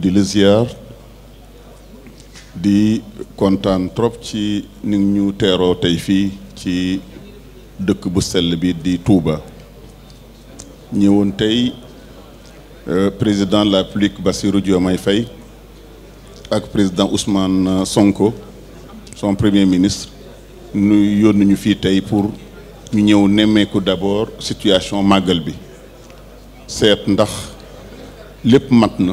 di le ziar di kontaan trop ci ni ñu téro tay fi ci dëkk bu sel bi di Touba ñëwoon tey euh, président de la République Bassirou Diomaye Faye ak président Ousmane Sonko son premier ministre Nous yónni ñu fi tey pour ñu ñëw que d'abord situation magal bi c'est ndax lepp matna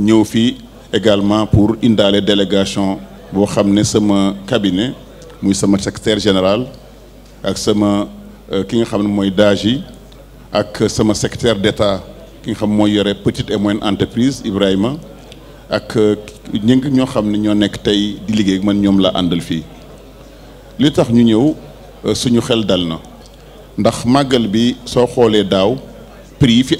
Nous avons également pour une délégation de xam cabinet muy sama secrétaire général ak sama euh, ki nga secrétaire d'État qui est xam petite et moyenne entreprise Ibrahima et euh, ñi ngi ñoo xam ne ñoo la fait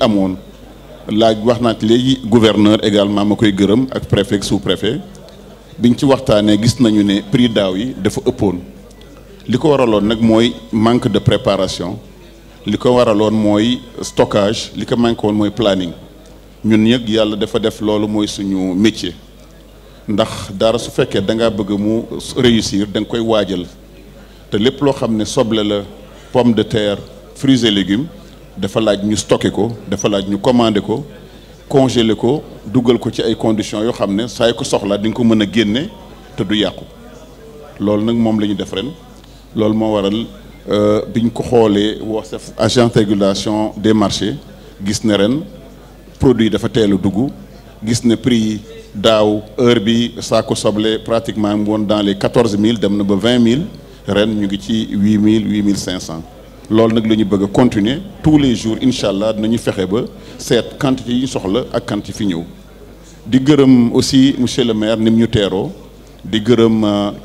laaj wax naa légui gouverneur également makoy koy ak préfet sous préfet biñ ci waxtané gis nañu ne prix daw yi dafa ëppone liko waralon nak moy manque de préparation liko waralon moy stockage liko mankon moy planning ñun yëg yalla dafa def loolu moy suñu métier ndax dara su féké da nga bëgg mu réussir da nga koy waajal té lepp lo xamné soble la pomme de terre fruits et légumes. Nous devons les stocker, les commander, les congeler, les mettre dans des conditions qui permettent de les retirer et de les là, C'est ce que nous faisons. Je veux dire, pour les agents de régulation des marchés, nous avons des produits de telle ou telle taille, nous avons prix d'aube, d'herbe, de sacs pratiquement dans les 14 000, dans les 20 000, nous avons des prix 8 000, 8 500 lol nak la bëgg continuer tous les jours incha dañu fexé ba seet quantité yi soxla ak quantité fi ñëw di gëreum aussi monsieur le maire nim ñu téro di gëreum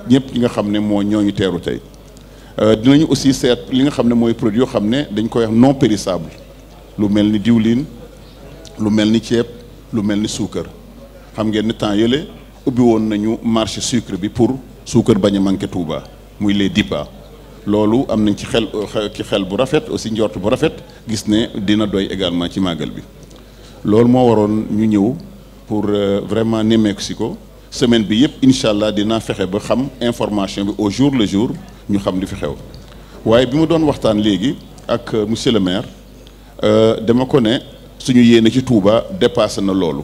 ñëpp ñi nga xamné mo ñoo ñu teeru tey euh, dinañu aussi seet li nga xamné moy produit yo xamné dañ koy wax non périssable lu melni ni diwlin lu melni ciép lu melni sucre xam ngeen ni temps yele ubbi won nañu marché sucre bi pour sucre baña manké Touba muy les DIPA lolu am ci xel ki xel bu rafet aussi bu rafet gis ne dina doy également ci bi pour euh, vraiment né Mexico. semaine bi au jour le jour Nous xam li fi xew waye euh, le maire euh, de suñu ci Touba dépassé na lolu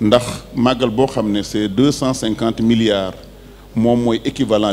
ndax magal bo c'est 250 milliards mom moy équivalent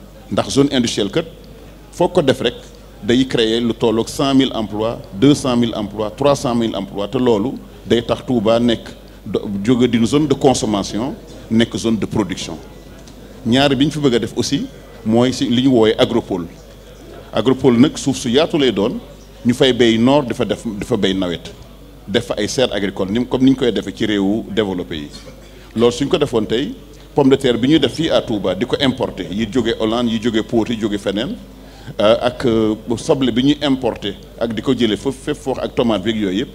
dans une zone industrielle il faut ko def 100 000 emplois 200 000 emplois 300 000 emplois C'est loolu day tax zone de consommation une zone de production Nous avons ñu fi bëgg a aussi mooy si li ñu wooyee agropole agropole nag suuf su yaatu lay doon le fay nous faisons nord, nous faisons agricole comme nous ñu koy defee ci réewu développé pomme de terre bi importées. def à Touba sont importer yi jóge Hollande yi importées. yi fenen euh ak euh, soble bi importer ak sont importées. jëlee ak tomate beeg yooyu yëpp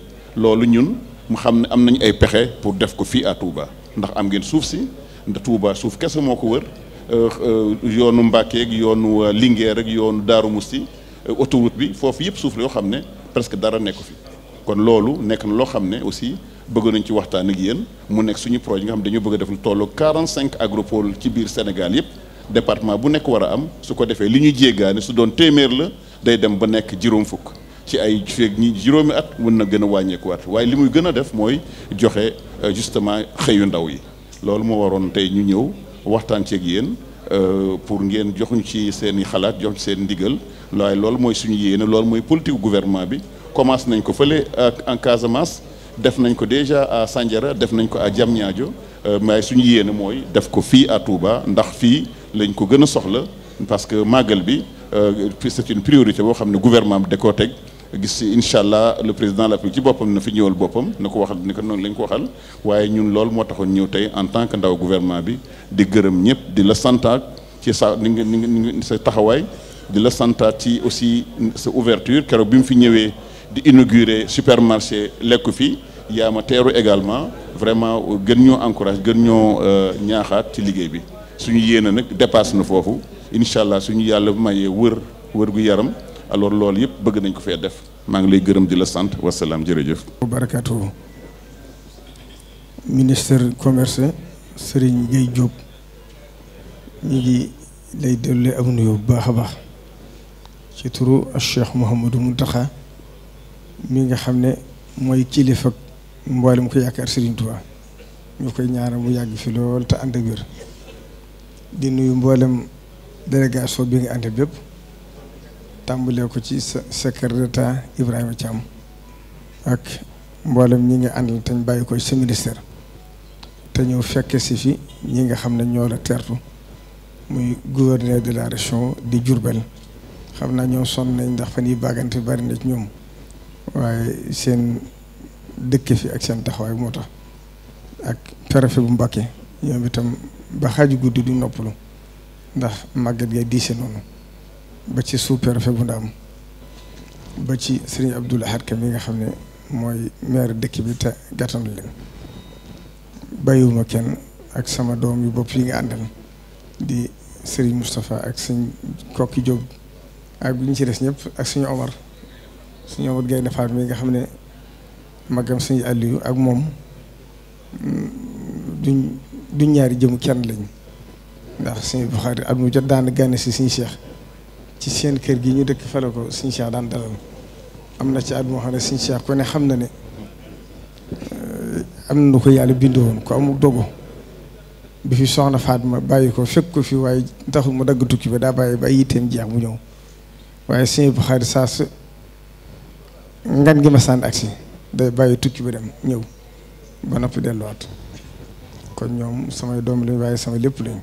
ñun mu xam pour def ko à Touba ndax am ngeen souf sont ndax Touba souf moko wër importées. Euh, euh, yoonu Mbacké ak yoonu Linguère ak yoonu Musti autoroute bi importées. souf lo xamné presque dara kon lolu nekk aussi bëgg nañ ci waxtaan ak yéen mu nekk suñu projet nga xam dañu bëgg a def lu tollu 45 agropole ci biir Sénégal yëpp département bu nekk war a am su ko defee li ñu jéggaane su doon téeméer la day dem ba nekk juróom fukk ci ay feeg juróomi at mun na gën a wàññeekuwaat waaye li muy gën a def mooy joxe euh, justement xëyu ndaw yi loolu moo waroon tey ñu ñëw waxtaan ceeg yéen euh, pour ngeen joxuñ ci seen i xalaat jox seen ndigal waaye loolu mooy suñu yéene loolu mooy politique gouvernement bi commencé nañ ko fële en Casamance. def nañ ko déjà à Sandiara def nañ ko à Diamniadio euh, mais suñu yéene moy def ko fi à Touba ndax fi lañ ko gëna soxla parce que magal bi euh, c'est une priorité bo xamné gouvernement bi da koo gis incha allah le président la fi ci bopam na fi ñëwul bopam na ko waxal ni ko non lañ ko waxal waye ñun lool mo taxoon ñëw tay en tant que ndaw gouvernement bi di gëreum ñëpp di la santat ci sa ni nga ni sa taxawaay di la santaat ci aussi sa ouverture keroog bi mu fi ñëwé di inaugurer supermarché lekku fi yaa ma teeru également vraiment gën ñoo encourage gën ñoo euh, ñaaxaat ci liggéey bi suñu yéene nag dépasse na foofu incha allah suñu yàlla mayee wër wër gu yaram alors loolu yëpp bëgg nañ ko fee def maa ngi lay gërëm di la sant wasalaam jërëjëf. barakatu ministre commerce Serigne Gueye Diop ñu ngi lay dellu am nuyoo bu baax a baax ci turu Cheikh Mouhamadou taxa mi nga xam ne mooy kilifa mboolem ko yaakaar Serigne Touba ñu koy ñaara mu yàgg fi lool te ànd ak di nuyu mboolem délégation bi nga ànd bépp tàmbalee ko ci secrétaire d'État Ibrahima Thiam ak mboolem ñi nga àndal te ñu bàyyi ko ci sa ministère te ñëw fekk si fi ñi nga xam ne ñoo la tertu muy gouverneur de la région di Diourbel xam naa ñoo sonn nañ ndax fan yii bàggante bari na ñoom. waaye seen dëkk fi ak seen taxawaay moo tax ak préfet bu Mbàkke ñoom itam ba xaaju guddi duñ noppalu ndax màggat gay diise noonu ba ci sous préfet bu Ndaam ba ci sëriñ Abdoul Ahad Ka nga xam ne mooy maire dëkk bi te gàttandu leen bàyyiwuma kenn ak sama doom yu bopp yi nga àndan di sëriñ Moustapha ak suñ Kokki Diop ak bi ñu ci des ñëpp ak suñu Omar suñu amut gaynde faat mi nga xam ne magam suñu àlliyu ak moom mm, duñ ñaari jëmu kenn lañ ndax suñu Buxaari at mu jot daan gane si suñu Cheikh ci seen kër gi ñu dëkk fale ko suñu Cheikh daan dalal am na ci at moo xam ne siñ Cheikh ku xam na ne eh, am na nu ko yàlla bindoo bindoon ko amul dogo bi fi soxna ma bàyyi ko fekk ko fi waaye taxul mu dagg tukki ba daa bàyyi ba ay yitteem jeex mu ñëw waaye suñu Buxaari saa su ngan gi ma sànni agsi day bàyyi tukki bi dem ñëw ba noppi delluwaat kon ñoom samay doom lañ waaye sama lépp lañ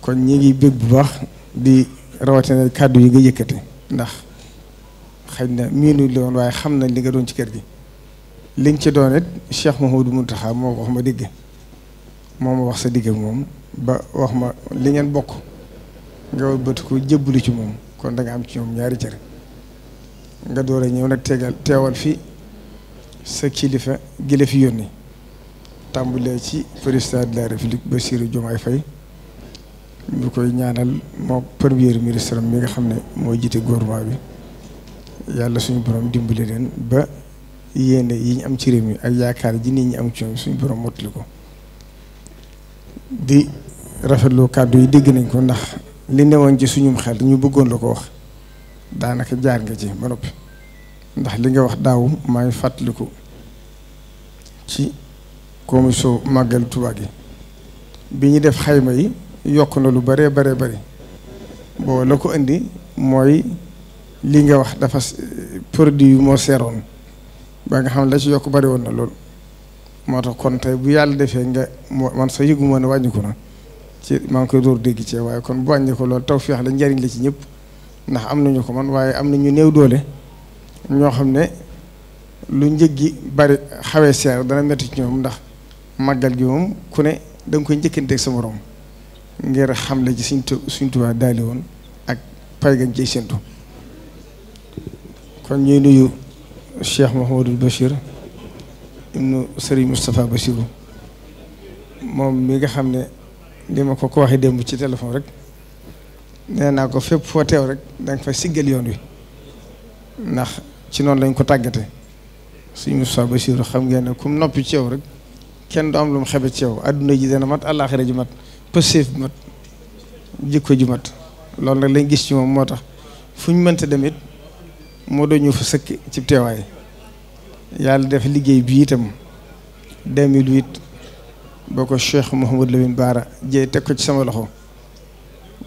kon ñi ngi bég bu baax di rawatina kàddu yi nga yëkkati ndax xëy na miinu li woon waaye xam nañ li nga doon ci kër gi liñ ci doon it du Mouhamadou Mountakha moo wax ma digg moo ma wax sa digg moom ba wax ma li ngeen bokk nga wëlbatiku jébbalu ci moom kon danga am ci ñoom ñaari cere nga door a ñëw nag tegal teewal fi sa kilifa gile fi yónni tàmbulee ci président de la république Bassirou Diomaye Faye ñu koy ñaanal moo premier ministre mi nga xam ne mooy jiite gouvernement bi yàlla suñu borom dimbali leen ba yéene yi ñu am ci réew mi ak yaakaar ji nit ñi am ci suñu borom mottali ko di rafetlu kàddu yi dégg nañ ko ndax li newoon ci suñum xel ñu bëggoon la ko wax daanaka jaar nga ci ba noppi ndax li nga wax daaw maa ngi fàttaliku ci commission màggal Tuubaa yi bi ñu def xayma yi yokk na lu bare bare bari boo la ko indi mooy li nga wax dafa produit yu moo seeroon ba nga xam la ci yokk bari woon na lool moo tax kon tey bu yàlla defee nga man sa yëgu moo ne wàññiku na ci maa ngi koy dóor dégg ci waaye kon bu wàññi ko lool tawfeex la njariñ la ci ñëpp ndax am nañu ko man waaye am na ñu néew doole ñoo xam ne lu njëg gi bari xawee seer dana metti ñoom ndax màggal gi moom ku ne danga nga koy njëkkanteeg sa morom ngir xam la ci suñ suñ Tuubaa woon ak pay gañ ciy séntu kon ñuy nuyu Cheikh Mouhamadul Bachir ibnu Serigne Moustapha Bachirou moom mi nga xam ne li ma ko ko waxee démb ci téléphone rek nee naa ko fépp foo teew rek danga fa siggal yoon wi ndax ci noonu lañ ko tàggate suñu Moussa Bachir xam ngeen ne kum noppi ci rek kenn du am lu mu xebe ci yow adduna ji dana mat àllaaxira ji mat pëseef bi mat jikko ji mat loolu nag lañ gis ci moom moo tax fu ñu mënta demit moo doon ñu fa sëkk ci teewaay yàlla def liggéey bi itam 2008 boo ko Cheikh Mouhamadou Lamine Baara Dieye teg ko ci sama loxo.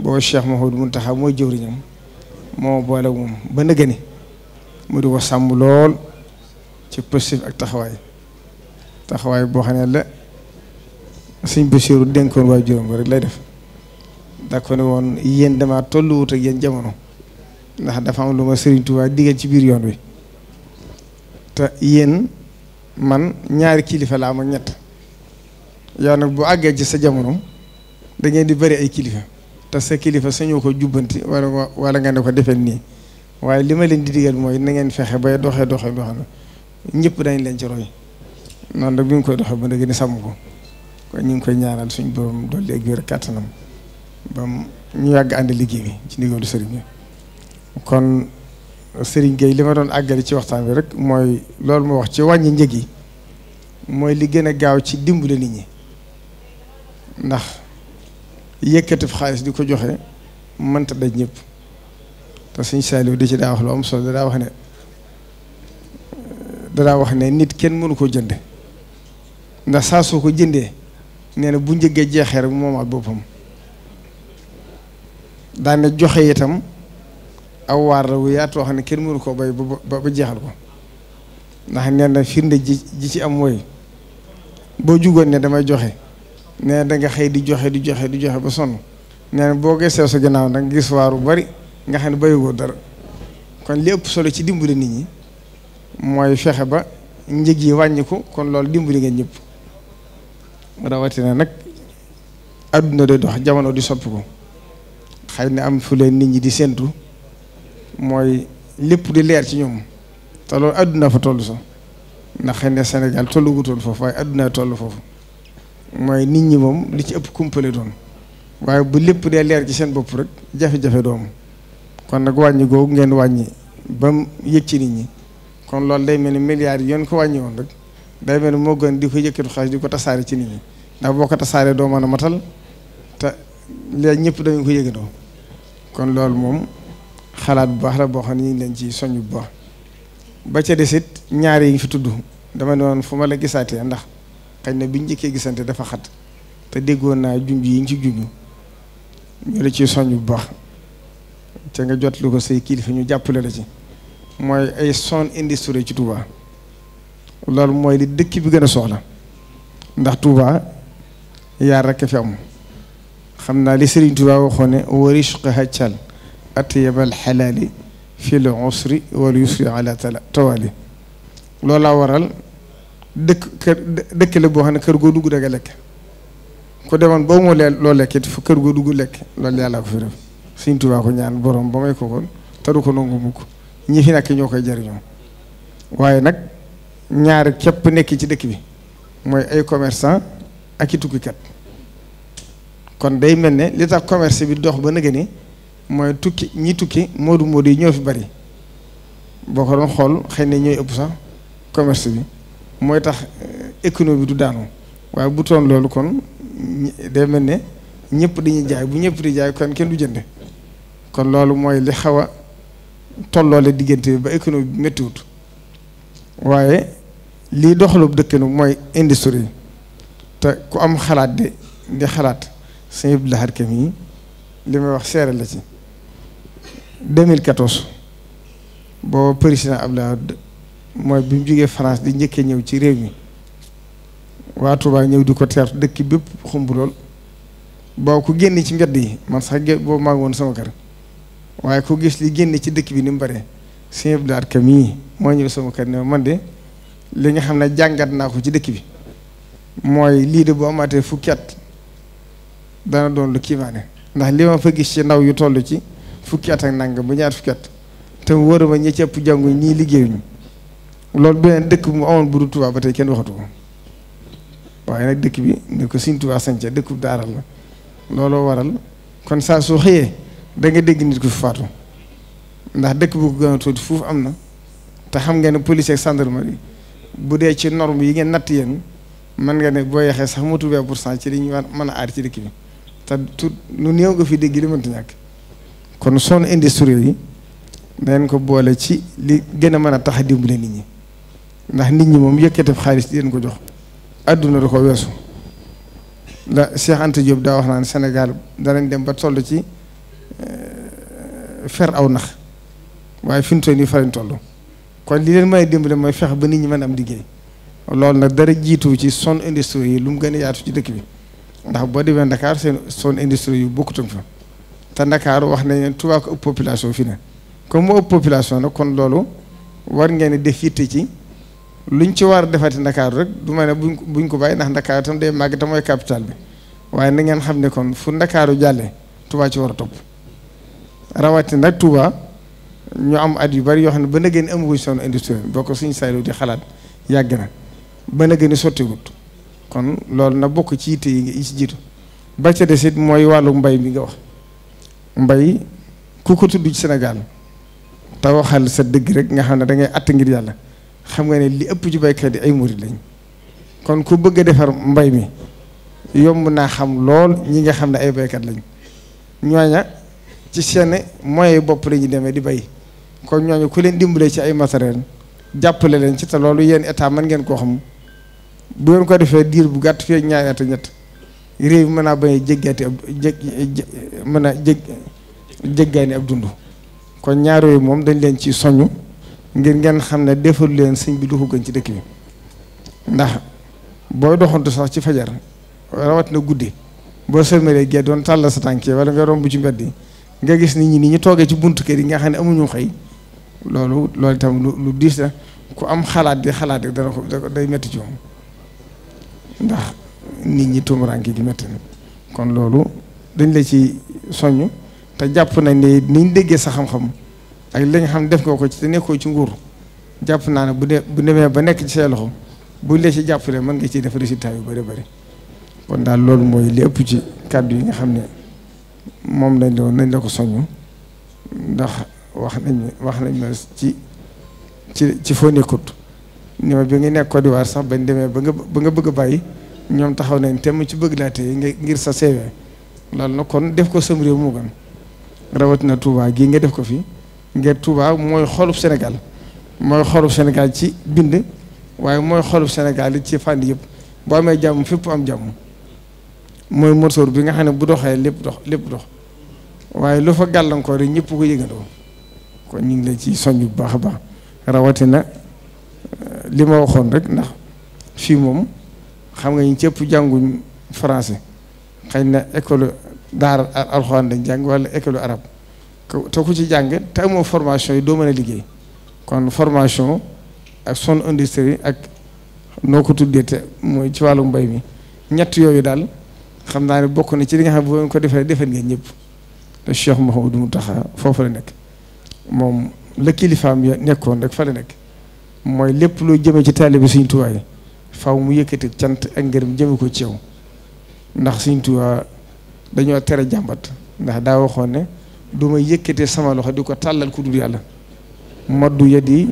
boo booba Cheikh Mouhamadou Mountakha mooy jëwriñam moo boole moom ba nëgëni mu di ko sàmm lool ci positif ak taxawaay taxawaay boo xam ne la suñ Bassirou dénkoon waaye juróom ba rek lay def daa ko woon yéen damaa tolluwut ak yéen jamono ndax dafa am lu ma Serigne Touba digal ci biir yoon wi te yéen man ñaari kilifa laa am ñett yow nag bu àggee ci sa jamono da di bëri ay kilifa. te sa kilifa sañoo ko jubbanti wala wala nga ne ko defee nii waaye li ma leen di digal mooy na ngeen fexe bay doxee doxee boo xam ne ñëpp dañ leen ci roy noonu la bi ñu koy doxee ba na gën a sàmm ko kon ñu ngi koy ñaanal suñ borom dolli ak wér ñu yàgg ànd liggéey ci ndigalu sëriñ bi kon sëriñ Gueye li ma doon àggale ci waxtaan bi rek mooy loolu moo wax ci wàññi njëg yi mooy li gën a gaaw ci dimbale nit ñi ndax yëkkati xaalis di ko joxe mënta daj ñëpp te suñ saaliw di ci daa wax lu am solo daa wax ne dadaa wax ne nit kenn mënu ko jënd ndax saa soo ko jëndee nee na bu njëggee jeexee rek moomaat boppam daane joxe itam aw waar la wu yaatu wax ne kenn mënu ko bay ba ba jeexal ko ndax nee na firnde ji ji ci am mooy boo jugoon ne damay joxe nee danga xëy di joxe di joxe di joxe ba sonn nee boo gisee sa ginnaaw nag nga gis waaru bari nga xam ne bayugoo dara kon lépp solo ci dimbali nit ñi mooy fexe ba njëg yi wàññiku kon loolu dimbali nga ñëpp rawatina nag àdduna de dox jamono di soppi ko xëy na am fu leen nit ñi di séentu mooy lépp di leer ci ñoom te loolu adduna fa toll so ndax xëy na Sénégal tollu wutoon foofu waaye adduna toll foofu. mooy nit ñi moom li ci ëpp kumpale doon waaye bu lépp dee leer ci seen bopp rek jafe-jafe doom kon nag wàññi googu ngeen wàññi ba mu yëg ci nit ñi kon loolu day mel ni milliards yi yoon ko wàññi woon rek day mel ni moo gën di ko yëkkatu xaalis di ko tasaare ci nit ñi ndax boo ko tasaaree doo mën a matal te léegi ñëpp dañu ko yëgandoo kon loolu moom xalaat bu baax la boo xam ne ñu ngi leen ci soññ bu baax ba ca desit ñaar yi ngi fi tudd dama ne woon fu ma la gisaatee ndax xëy na biñ njëkkee gisante dafa xat te déggoon naa junj yi ñu ci junj ñu la ciy soññ bu baax te nga jot lu ko say kilifa ñu jàppale la ci mooy ay son industrie ci Touba loolu mooy li dëkk bi gën a soxla ndax Touba yaa rekk fi am xam li Serigne Touba waxoon ne wa risqu haccal atyabal xalaali fi l usri wal yusri ala tawali loolu waral dëkk kër dëkk la boo xam ne kër goo dugg danga lekk ku demoon boo mu leel loo lekk fu kër goo dugg lekk loolu yàlla ko fi def Sëriñ Tuubaa ko ñaan borom ba may ko kon taru ko nangu mukk ñi fi nekk ñoo koy jariñoo waaye nag ñaari képp nekk ci dëkk bi mooy ay commerçant ak i tukkikat kon day mel ne li tax commerce bi dox ba nëgë ni mooy tukki ñi tukki moodu moodu yi ñëw fi bari boo ko doon xool xëy na ñooy ëpp sax commerce bi mooy tax euh, économie du daanu waaye bu toon loolu kon day mel ne ñëpp dañuy jaay bu ñëpp di jaay kon kenn du jënd kon loolu mooy li xaw a tolloole diggante ba économie bi méttiwut waaye lii doxalub dëkk mooy industrie te ku am xalaat de di xalaat sëñ Abdou Lahad Ka mi li may wax seere la ci 2014 boo président Abdoulaye mooy bi mu jógee France di njëkkee ñëw ci réew mi waa Touba ñëw di ko teer dëkk bépp xumb lool boo ko génn ci mbedd yi man sax gé boobu woon sama kër waaye ko gis li génn ci dëkk bi ni mu bare sëñ Abdou Lahad Ka mii man de li xam ne jàngat naa ko ci dëkk bi mooy lii de bu amaatee dana doon lu kiimaane ndax li ma fa gis ci ndaw yu toll ci fukki at ak nangam ba ñaar fukki at te mu wóor ma ñi ci ëpp jàngu ñii liggéeyuñu loolu beneen dëkk bu mu amoon bu dul Touba ba tey kenn waxatu ko waaye nag dëkk bi ni ko Sëñ Touba sànce dëkk bu daaral la looloo waral kon saa soo xëyee da nga dégg nit ku faatu ndax dëkk bu ko gën a tuuti fuuf am na te xam nga ne police ak gendarmerie bu dee ci norme yi ngeen natt yéen mën nga ne boo yexee sax motu pour cent ci li mën a aar te tout lu néew nga dégg li mënta ñàkk kon son industrie yi dañ ko boole ci li gën a mën a tax a dimbale nit ñi. ndax nit ñi moom yëkkatef xaalis di leen ko jox àdduna da ko weesu la Cheikh Anta daa wax naan Sénégal danañ dem ba toll ci eh, fer aw nax waaye fi mu toll nii fa toll kon li leen mën a mooy fex ba nit ñi mën am liggéey loolu nag dara jiitu ci son industrie yi lu mu gën a yaatu ci dëkk bi ndax boo demee Dakar seen son industrie yu bokkutum fa te Dakar wax nañ ne tubaak ko ëpp population fi ne comme moo ëpp population nag kon loolu war ngeen def yitte ci. luñ ci war a defati ndakaaru rek du ma ne buñ ko buñ ko bàyyi ndax ndakaaru tam day màgg te mooy capital bi waaye na ngeen xam ne kon fu ndakaaru jàlle Touba ci war a topp rawatina nag Touba ñu am at yu bari yoo xam ne ba na gën amaguñ seen industrie boo ko suñ saylu di xalaat yàgg na ba gën a sottiwut kon loolu na bokk ci yitte yi ci jiitu ba ca des mooy wàllu mbay bi nga wax mbay ku ko tudd ci senegal te waxal sa dëgg rek nga xam ne da ngay att ngir yàlla. xam nga ne li ëpp ci baykat yi ay murid lañ kon ku bëgg a defar mbay mi yomb naa xam lool ñi nga xam ne ay baykat lañ ñooña ci seen moyens bopp la ñuy demee di bay kon ñooñu ku leen dimbale ci ay matériel jàppale leen ci te loolu yéen état man ngeen koo xam bu ngeen ko defee diir bu gàtt fee ñaari at ñett réew mi mën naa bañ a jéggaati ab jég mën a jég jéggaani ab dund kon ñaar moom dañ leen ci soñu ngir ngeen xam ne defal leen siñ bi lu ko ci dëkk bi ndax booy doxantu sax ci fajar rawat na guddi boo sëlmalee gee doon tàll sa tànkee wala nga romb ci mbedd yi nga gis nit ñi ni ñu toogee ci buntu kër yi nga xam ne amuñu xëy loolu loolu itam lu lu diis ku am xalaat di xalaat rek dana ko day metti ci gi metti na kon loolu dañ la ci soññ te jàpp nañ ne niñ déggee sa xam-xam ak lañ xam def nga ko ci te nekkoo ci nguur jàpp naa ne bu dee bu demee ba nekk ci see loxo bu la ci jàppale mën nga ciy def yu bëri bëri kon daal loolu mooy li ëpp ci kàddu yi nga xam ne moom lañ doon nañ la ko soññ ndax wax nañ wax nañ ma ci ci ci foo nekkut ni ma bi nga nekk Côte d'Ivoire sax bañ demee ba nga ba nga bëgg a bàyyi ñoom taxaw nañ temm ci bëgg laa téye ngir sa CV loolu nag kon def ko sam réew mu gan rawatina tuubaa gii nga def ko fii ngir Touba mooy xolub Sénégal mooy xolub Sénégal ci bind waaye mooy xolub Sénégal ci fànn yëpp boo amee jàmm fépp am jàmm mooy moteur bi nga xam ne bu doxee lépp dox lépp dox waaye lu fa gàllankoor rek ñëpp ko yëgandoo kon ñu ngi la ci soññ bu baax a baax rawatina euh, li ma waxoon rek ndax fii moom xam nga ñu cëpp jànguñ français xëy na école daara alxuraan dañ jàng wala école arab te ku ci jàng te amoo formation yi doo a liggéey kon formation ak son industrie ak noo ko tuddee te mooy ci wàllum mbay mi ñett yooyu daal xam naa ne bokk na ci li nga xam boo ko defee defal ngeen ñëpp te Cheikh Mouhamadou Mountakha foofu la nekk moom la kilifaam ya nekkoon rek fa la nekk mooy lépp loo jëmee ci taalibe Sëriñ Tuubaa yi mu yëkkati cant ak ngërëm jëme ko ci yow ndax Sëriñ Tuubaa dañoo tere jàmbat ndax daa waxoon ne. duma yekete sama loxo diko talal kudur yàlla maddu yadi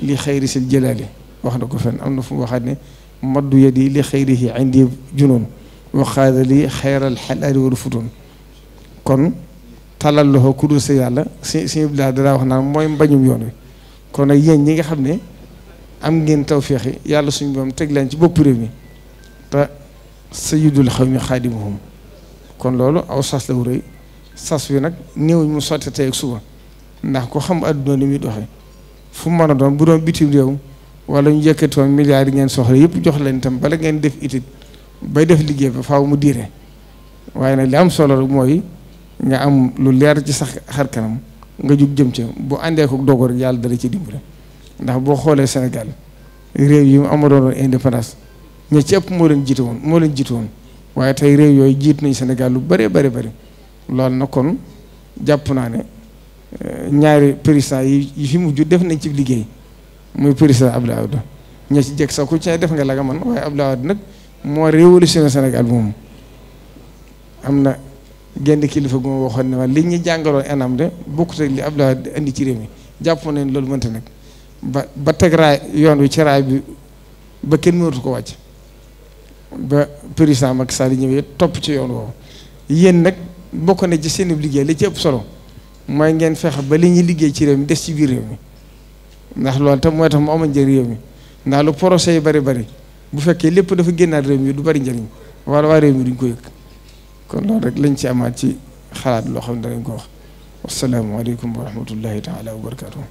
li xayri sil jëlaali wax na ko fen amna fu waxane maddu yadi li khairihi indi junun wa khadali khair al halal wal futun kon talal loxo kudur dul sa yàlla sin si bilaa danaa wax naan mooy mbañum yoon wi kon nag yéen ñi nga xamne am ngeen tawféex yi yàlla suñu bam tegg leen ci bop réew mi te sayidul xaw mi kon lolu aw sas la wu sas wi nag néew mu sotti tey ak suba ndax ko xam adduna li muy doxee fu mu mën a doon bu doon bitim réew wala ñu yëkkatoon milliards yi ngeen soxla yëpp jox leen itam bala ngeen def itit bay def liggéey ba faaw mu diire waaye nag li am solo rek mooy nga am lu leer ci sax xar kanam nga jug jëm ci bu àndee ko dogoor yàlla dara ci dimbale ndax boo xoolee Sénégal réew yi mu amadoon indépendance ña ci ëpp moo leen jiite woon moo leen jiite woon waaye tey réew yooyu jiit nañu Sénégal lu bëree bëri bëri. loolu na kon jàpp naa ne euh, ñaari président yi fi mujj def nañ ci liggéey muy président Abdoulaye Wade ña ci jekk sa ku ci def nga la nga man waaye Abdoulaye Wade nag moo révolutionné Sénégal moomu am na genn kilifa gu ma waxoon ne ma li ñu jàngaloon enam de bokkut ak li indi ci réew mi jàpp nañ loolu mënta nag ba ba teg raay yoon wi ci raay bi ba kenn mënatu ko wàcc ba mag Macky Sall ñëwee topp ci yoon woowu yéen nag bokk nañ ci seen liggéey li ci ëpp solo mooy ngeen fexe ba li ñuy liggéey ci réew mi des ci biir réew mi ndax lool tam mooy tax mu amal njëriñ réew mi ndax lu projet yi bari bari bu fekkee lépp dafa génnaat réew mi du bari njëriñ wala waa réew mi duñ ko yëg kon loolu rek lañ ci amaat ci xalaat loo xam ne danañ ko wax wasalaamaaleykum wa rahmatullahi taala wa barakaatu.